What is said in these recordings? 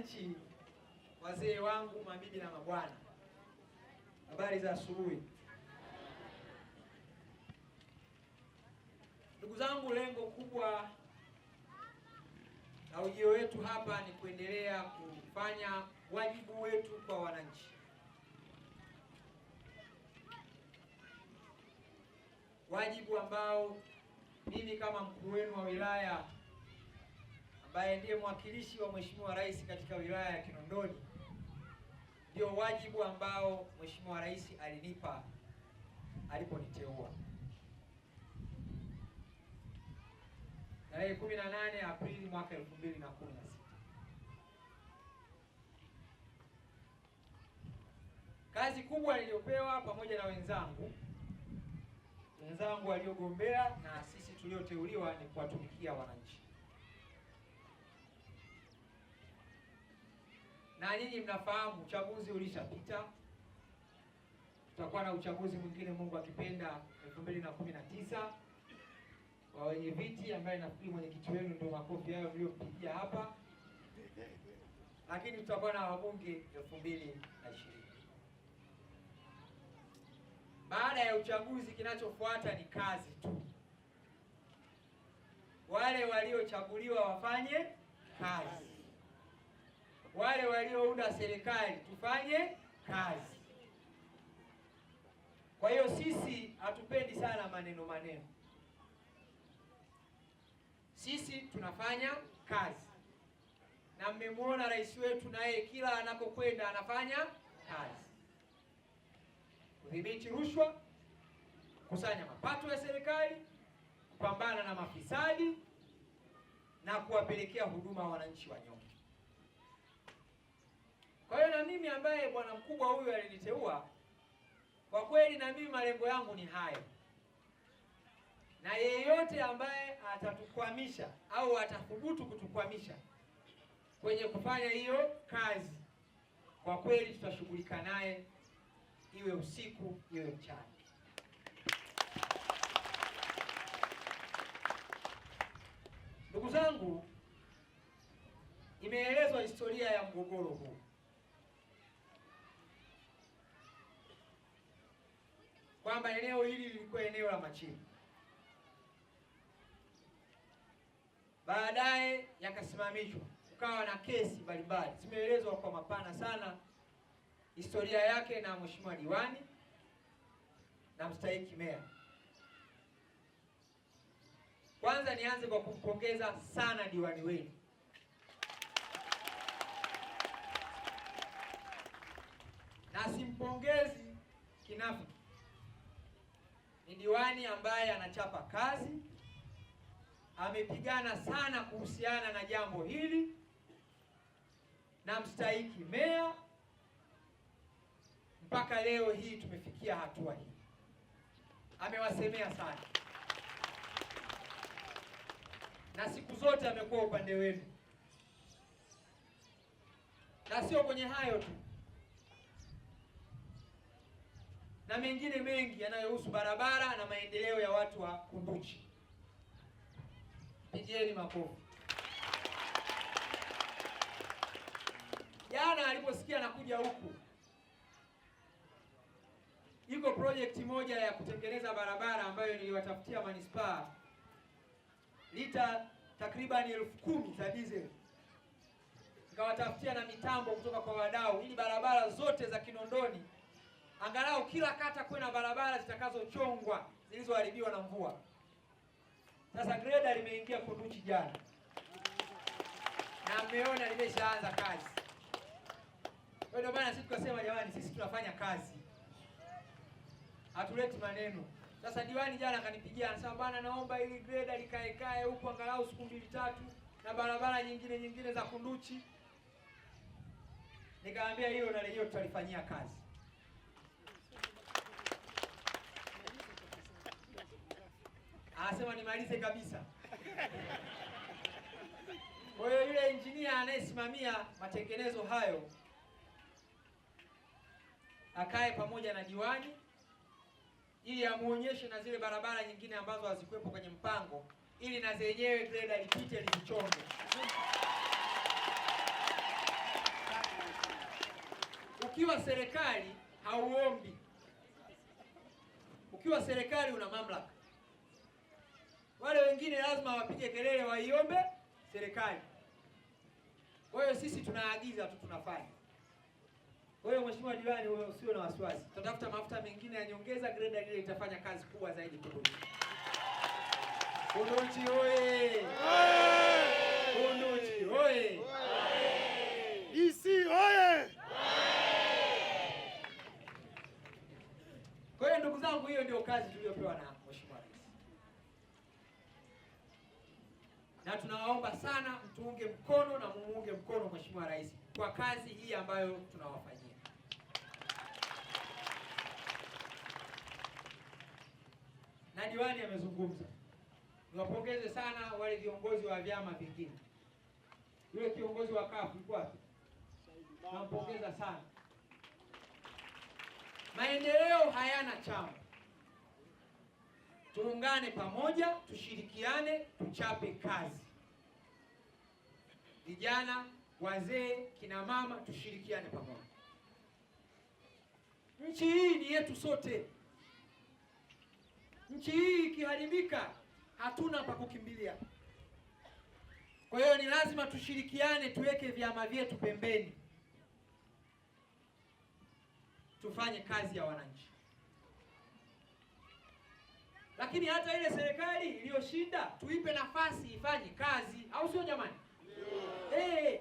wananchi, wazee wangu, mabibi na mabwana, habari za asubuhi. Ndugu zangu, lengo kubwa la ujio wetu hapa ni kuendelea kufanya wajibu wetu kwa wananchi. Wajibu ambao mimi kama mkuu wenu wa wilaya ambaye ndiye mwakilishi wa Mheshimiwa Rais katika wilaya ya Kinondoni, ndio wajibu ambao Mheshimiwa Rais alinipa aliponiteua tarehe 18 Aprili mwaka 2016. Kazi kubwa iliyopewa pamoja na wenzangu wenzangu waliogombea na sisi tulioteuliwa ni kuwatumikia wananchi. na nyinyi mnafahamu uchaguzi ulishapita, tutakuwa na uchaguzi mwingine Mungu akipenda 2019 wa wenye viti, ambaye nafikiri mwenyekiti wenu ndio makofi hayo mliyompigia hapa, lakini tutakuwa na wabunge 2020. Baada ya uchaguzi, kinachofuata ni kazi tu. Wale waliochaguliwa wafanye kazi wale waliounda serikali tufanye kazi. Kwa hiyo sisi hatupendi sana maneno maneno, sisi tunafanya kazi, na mmemwona rais wetu naye kila anapokwenda anafanya kazi, kudhibiti rushwa, kusanya mapato ya serikali, kupambana na mafisadi na kuwapelekea huduma wananchi wa kwa hiyo na mimi ambaye bwana mkubwa huyu aliniteua kwa kweli, na mimi malengo yangu ni haya, na yeyote ambaye atatukwamisha au atathubutu kutukwamisha kwenye kufanya hiyo kazi, kwa kweli tutashughulika naye, iwe usiku iwe mchana. Ndugu zangu, imeelezwa historia ya mgogoro huu. kwamba eneo hili lilikuwa eneo la machimbo. baadaye yakasimamishwa, ukawa na kesi mbalimbali zimeelezwa kwa mapana sana historia yake na mheshimiwa diwani na mstahiki meya. Kwanza nianze kwa kumpongeza sana diwani wenu na simpongezi kinafiki ni diwani ambaye anachapa kazi, amepigana sana kuhusiana na jambo hili, na mstahiki meya mpaka leo hii tumefikia hatua hii, amewasemea sana na siku zote amekuwa upande wenu, na sio kwenye hayo tu na mengine mengi yanayohusu barabara na maendeleo ya watu wa Kunduchi. Pigieni makofi. Jana aliposikia anakuja huku, iko project moja ya kutengeneza barabara ambayo niliwatafutia manispaa lita takriban elfu kumi za diesel nikawatafutia na mitambo kutoka kwa wadau ili barabara zote za Kinondoni angalau kila kata kuwe na barabara zitakazochongwa zilizoharibiwa na mvua. Sasa greda limeingia Kunduchi jana na mmeona limeshaanza kazi. Kwa Ndio maana sisi tukasema, jamani, sisi tunafanya kazi, hatuleti maneno. Sasa diwani jana akanipigia anasema, bwana, naomba ili greda likaekae huko angalau siku mbili tatu, na barabara nyingine nyingine za Kunduchi. Nikamwambia hilo na lenyewe tutalifanyia kazi. nimalize kabisa. Kwa hiyo yule engineer anayesimamia matengenezo hayo akae pamoja na diwani ili amuonyeshe na zile barabara nyingine ambazo hazikuwepo kwenye mpango ili na zenyewe greda ipite lisichonge. Ukiwa serikali hauombi, ukiwa serikali una mamlaka wengine lazima wapige kelele waiombe serikali. Kwa hiyo sisi tunaagiza tu, tunafanya. Kwa hiyo mheshimiwa diwani, usiwe na wasiwasi, tutatafuta mafuta mengine ya nyongeza. Greda ile itafanya kazi kubwa zaidi. Kunduchi Kunduchi oye! Kunduchi oye! DC oye! Kwa hiyo ndugu zangu, hiyo ndio kazi tuliyopewa na na tunawaomba sana mtuunge mkono na muunge mkono Mheshimiwa Rais kwa kazi hii ambayo tunawafanyia. Na diwani amezungumza, niwapongeze sana wale viongozi wa vyama vingine. Yule kiongozi wa kafu yuko wapi? Nampongeza sana. Maendeleo hayana chama tuungane pamoja, tushirikiane, tuchape kazi. Vijana, wazee, kina mama, tushirikiane pamoja. Nchi hii ni yetu sote. Nchi hii ikiharibika, hatuna pa kukimbilia. Kwa hiyo ni lazima tushirikiane, tuweke vyama vyetu pembeni, tufanye kazi ya wananchi lakini hata ile serikali iliyoshinda tuipe nafasi ifanye kazi, au sio jamani? Yeah. Hey.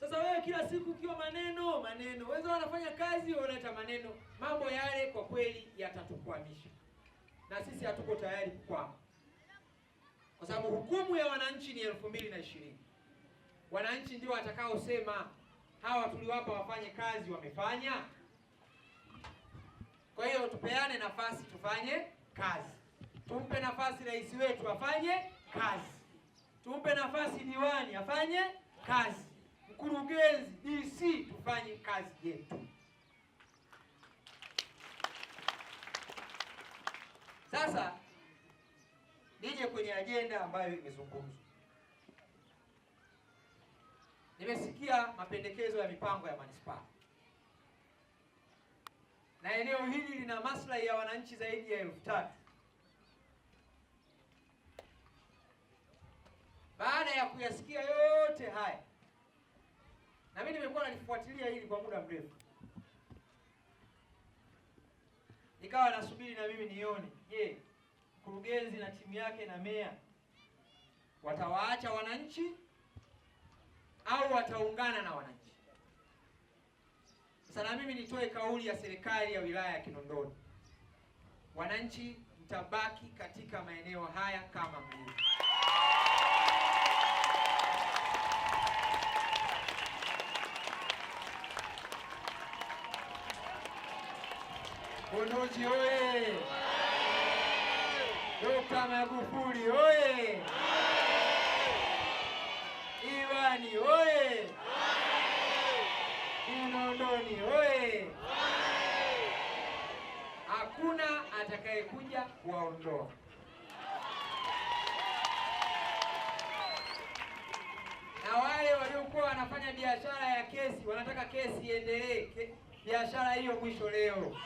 Sasa wewe kila siku ukiwa maneno maneno, wenzao wanafanya kazi, wanaleta maneno, mambo yale kwa kweli yatatukwamisha, na sisi hatuko tayari kukwama, kwa sababu hukumu ya wananchi ni elfu mbili na ishirini. Wananchi ndio watakaosema hawa tuliwapa wafanye kazi wamefanya. Kwa hiyo tupeane nafasi tufanye kazi. Tumpe nafasi rais wetu afanye kazi, tumpe nafasi diwani afanye kazi, mkurugenzi DC tufanye kazi yetu. Sasa nije kwenye ajenda ambayo imezungumzwa. Nimesikia mapendekezo ya mipango ya manispaa na eneo hili lina maslahi ya wananchi zaidi ya elfu tatu. Baada ya kuyasikia yote haya, na mimi nimekuwa nalifuatilia hili kwa muda mrefu, nikawa nasubiri na mimi nione, je, mkurugenzi na timu yake na meya watawaacha wananchi au wataungana na wananchi? Sasa na mimi nitoe kauli ya serikali ya wilaya ya Kinondoni, wananchi mtabaki katika maeneo haya kama mlivyo. Bonoji oye! Dokta Magufuli oye! Iwani oye! Kinondoni oye! Hakuna atakayekuja kuwaondoa. Na wale waliokuwa wanafanya biashara ya kesi wanataka kesi iendelee, biashara hiyo mwisho leo.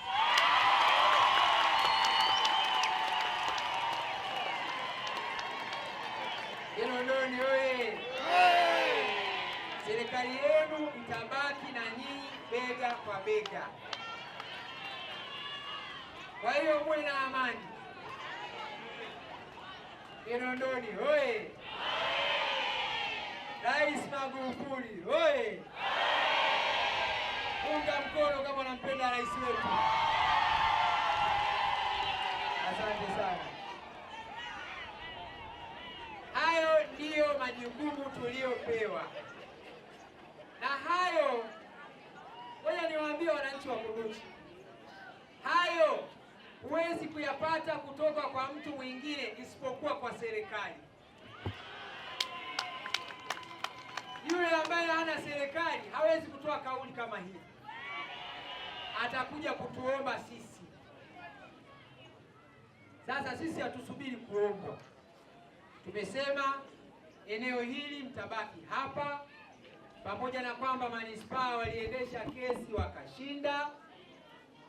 Kinondoni oye! Serikali yenu kwa bega. Kwa hiyo muwe na amani. Kinondoni oye! Rais Magufuli oye! Unga mkono kama unampenda rais wetu. Asante sana. Hayo ndiyo majukumu tuliyopewa na hayo Nataka niwaambie wananchi wa Burundi, hayo huwezi kuyapata kutoka kwa mtu mwingine isipokuwa kwa serikali. Yule ambaye hana serikali hawezi kutoa kauli kama hii, atakuja kutuomba sisi. Sasa sisi hatusubiri kuombwa, tumesema eneo hili mtabaki hapa pamoja na kwamba manispaa waliendesha kesi wakashinda,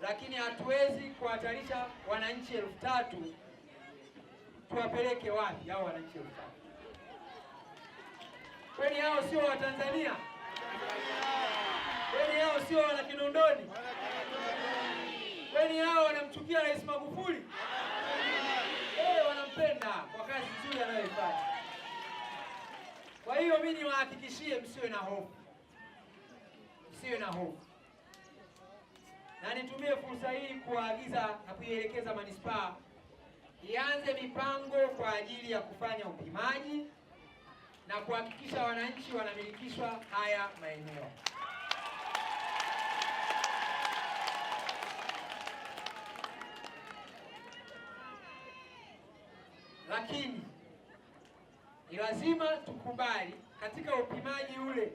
lakini hatuwezi kuhatarisha wananchi elfu tatu tuwapeleke wapi hao wananchi elfu tatu? kweli? hao sio Watanzania? Kweli hao sio wana Kinondoni? Kweli hao wanamchukia Rais Magufuli? Eh, wanampenda kwa kazi nzuri anayoifanya. Kwa hiyo mimi niwahakikishie, msiwe na hofu, msiwe na hofu, na nitumie fursa hii kuwaagiza na kuielekeza manispaa ianze mipango kwa ajili ya kufanya upimaji na kuhakikisha wananchi wanamilikishwa haya maeneo. Lakini ni lazima tukubali katika upimaji ule,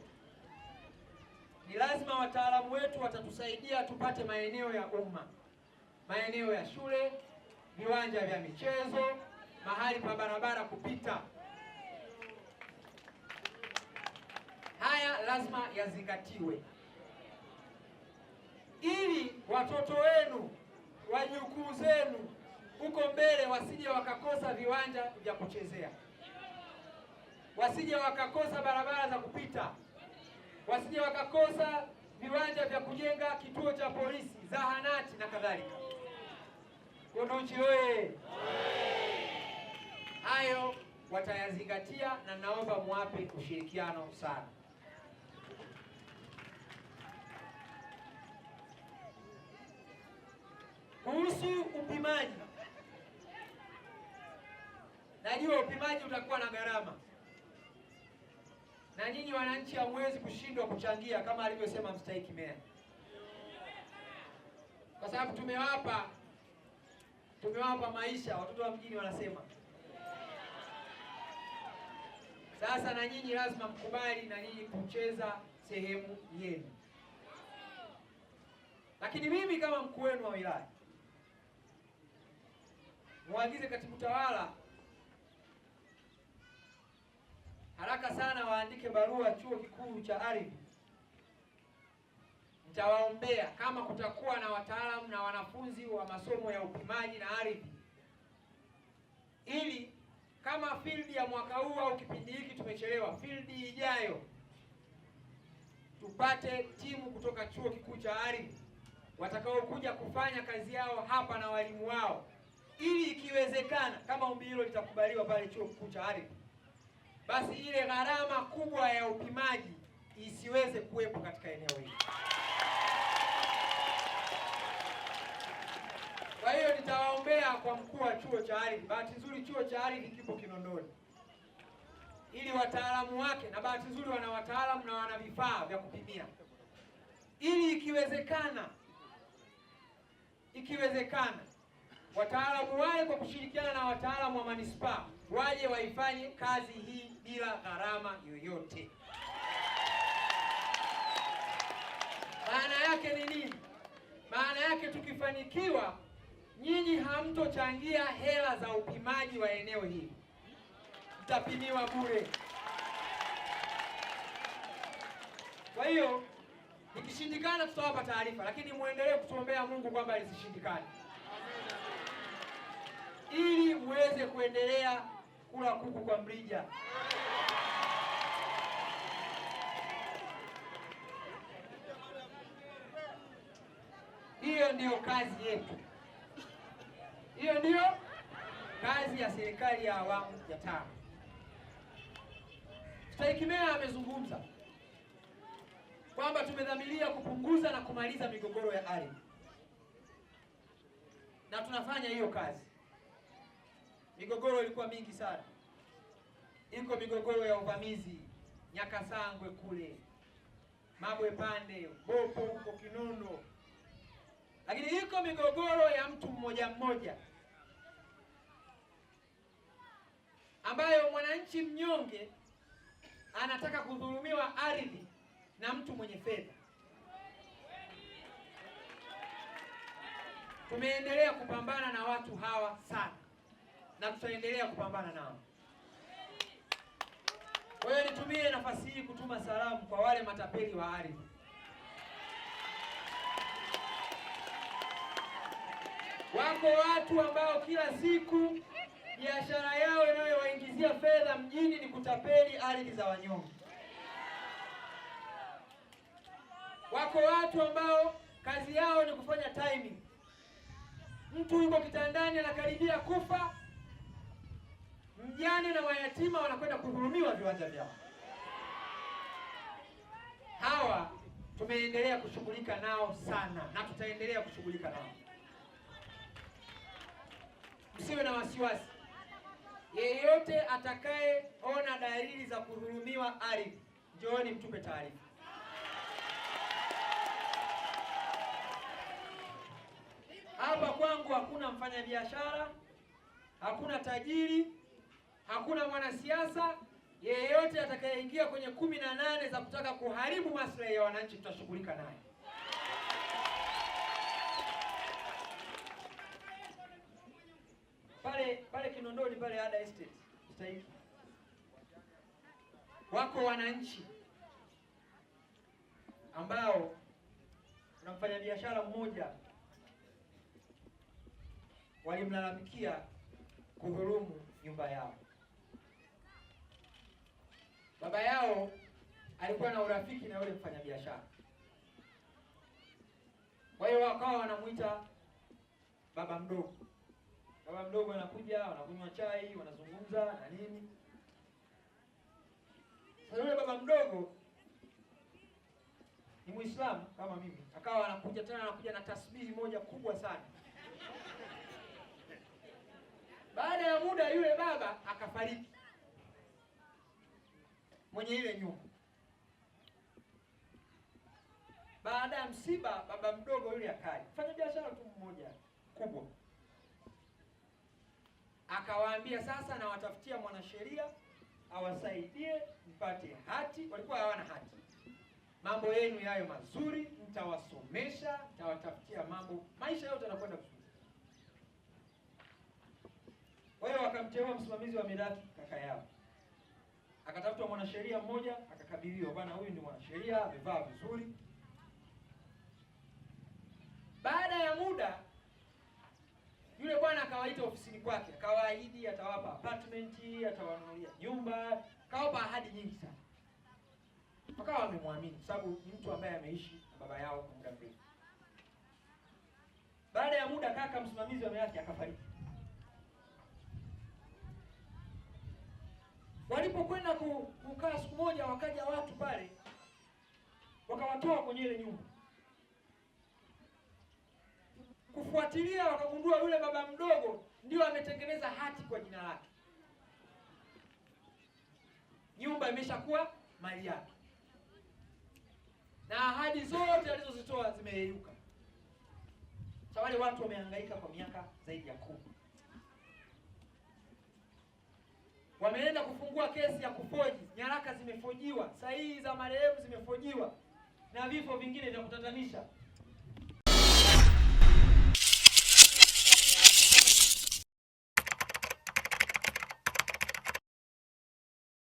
ni lazima wataalamu wetu watatusaidia tupate maeneo ya umma, maeneo ya shule, viwanja vya michezo, mahali pa barabara kupita. Haya lazima yazingatiwe ili watoto wenu wajukuu zenu huko mbele wasije wakakosa viwanja vya kuchezea wasije wakakosa barabara za kupita, wasije wakakosa viwanja vya kujenga kituo cha polisi, zahanati na kadhalika. Kunduchi oye! Hayo watayazingatia na naomba muwape ushirikiano sana. Kuhusu upimaji, najua upimaji utakuwa na gharama na nyinyi wananchi hamwezi kushindwa kuchangia kama alivyosema mstahiki meya, kwa sababu tumewapa tumewapa maisha. Watoto wa mjini wanasema sasa, na nyinyi lazima mkubali na nyinyi kucheza sehemu yenu. Lakini mimi kama mkuu wenu wa wilaya muagize katibu tawala haraka sana waandike barua chuo kikuu cha ardhi. Nitawaombea kama kutakuwa na wataalamu na wanafunzi wa masomo ya upimaji na ardhi, ili kama field ya mwaka huu au kipindi hiki tumechelewa, field ijayo tupate timu kutoka chuo kikuu cha ardhi watakaokuja kufanya kazi yao hapa na walimu wao, ili ikiwezekana, kama ombi hilo litakubaliwa pale chuo kikuu cha ardhi basi ile gharama kubwa ya upimaji isiweze kuwepo katika eneo hili. Kwa hiyo nitawaombea kwa mkuu wa chuo cha ardhi. Bahati nzuri chuo cha ardhi kipo Kinondoni, ili wataalamu wake, na bahati nzuri wana wataalamu na wana vifaa vya kupimia, ili ikiwezekana, ikiwezekana wataalamu wale kwa kushirikiana na wataalamu wa manispaa waje waifanye kazi hii bila gharama yoyote. Maana yake ni nini? Maana yake tukifanikiwa, nyinyi hamtochangia hela za upimaji wa eneo hili, mtapimiwa bure. Kwa hiyo ikishindikana tutawapa taarifa, lakini muendelee kutuombea Mungu kwamba lisishindikane ili muweze kuendelea kula kuku kwa mrija. Hiyo ndiyo kazi yetu, hiyo ndiyo kazi ya serikali ya awamu ya tano. Stahiki Meya amezungumza kwamba tumedhamiria kupunguza na kumaliza migogoro ya ardhi na tunafanya hiyo kazi. Migogoro ilikuwa mingi sana, iko migogoro ya uvamizi Nyakasangwe kule Mabwe pande Bopo huko Kinondo, lakini iko migogoro ya mtu mmoja mmoja ambayo mwananchi mnyonge anataka kudhulumiwa ardhi na mtu mwenye fedha. Tumeendelea kupambana na watu hawa sana na tutaendelea kupambana nao. Kwa hiyo nitumie nafasi hii kutuma salamu kwa wale matapeli wa ardhi. Wako watu ambao kila siku biashara yao inayowaingizia fedha mjini ni kutapeli ardhi za wanyonge. Wako watu ambao kazi yao ni kufanya timing. Mtu yuko kitandani anakaribia kufa mjane na wayatima wanakwenda kuhurumiwa viwanja vyao. Hawa tumeendelea kushughulika nao sana na tutaendelea kushughulika nao. Msiwe na wasiwasi, yeyote atakayeona dalili za kuhurumiwa ardhi, njooni mtupe taarifa. Hapa kwangu hakuna mfanyabiashara, hakuna tajiri hakuna mwanasiasa yeyote atakayeingia kwenye kumi na nane za kutaka kuharibu maslahi ya wananchi, tutashughulika naye. Pale pale Kinondoni pale Ada Estate wako wananchi ambao na mfanyabiashara mmoja walimlalamikia kudhulumu nyumba yao. Baba yao alikuwa na urafiki na yule mfanyabiashara, kwa hiyo wakawa wanamuita baba mdogo. Baba mdogo anakuja, wanakunywa chai, wanazungumza na nini. Sasa yule baba mdogo ni Muislamu kama mimi, akawa anakuja tena, anakuja na tasbihi moja kubwa sana. Baada ya muda, yule baba akafariki mwenye ile nyumba. Baada ya msiba, baba mdogo yule akaja, fanya biashara tu mmoja kubwa, akawaambia sasa, nawatafutia mwanasheria awasaidie mpate hati. Walikuwa hawana hati. Mambo yenu yayo mazuri, mtawasomesha, mtawatafutia mambo, maisha yote yanakwenda vizuri. Kwa hiyo wakamteua msimamizi wa mirathi kaka yao akatafuta mwanasheria mmoja akakabidhiwa, bwana, huyu ni mwanasheria amevaa vizuri. Baada ya muda, yule bwana akawaita ofisini kwake, akawaahidi atawapa apartment, atawanunulia nyumba, kawapa ahadi nyingi sana, wakawa wamemwamini, kwa sababu ni mtu ambaye ameishi na baba yao kwa muda mrefu. Baada ya muda, kaka msimamizi wa yake akafariki. Walipokwenda kukaa siku moja, wakaja watu pale wakawatoa kwenye ile nyumba kufuatilia, wakagundua yule baba mdogo ndio ametengeneza hati kwa jina lake, nyumba imeshakuwa mali yake, na ahadi zote alizozitoa zimeyeyuka. Sa wale watu wamehangaika kwa miaka zaidi ya kumi. wameenda kufungua kesi ya kufoji, nyaraka zimefojiwa, sahihi za marehemu zimefojiwa na vifo vingine vya kutatanisha.